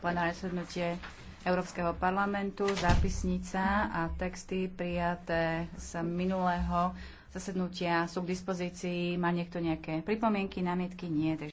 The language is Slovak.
plenárne sednutie Európskeho parlamentu, zápisnica a texty prijaté z minulého zasednutia sú k dispozícii. Má niekto nejaké pripomienky, námietky? Nie. Takže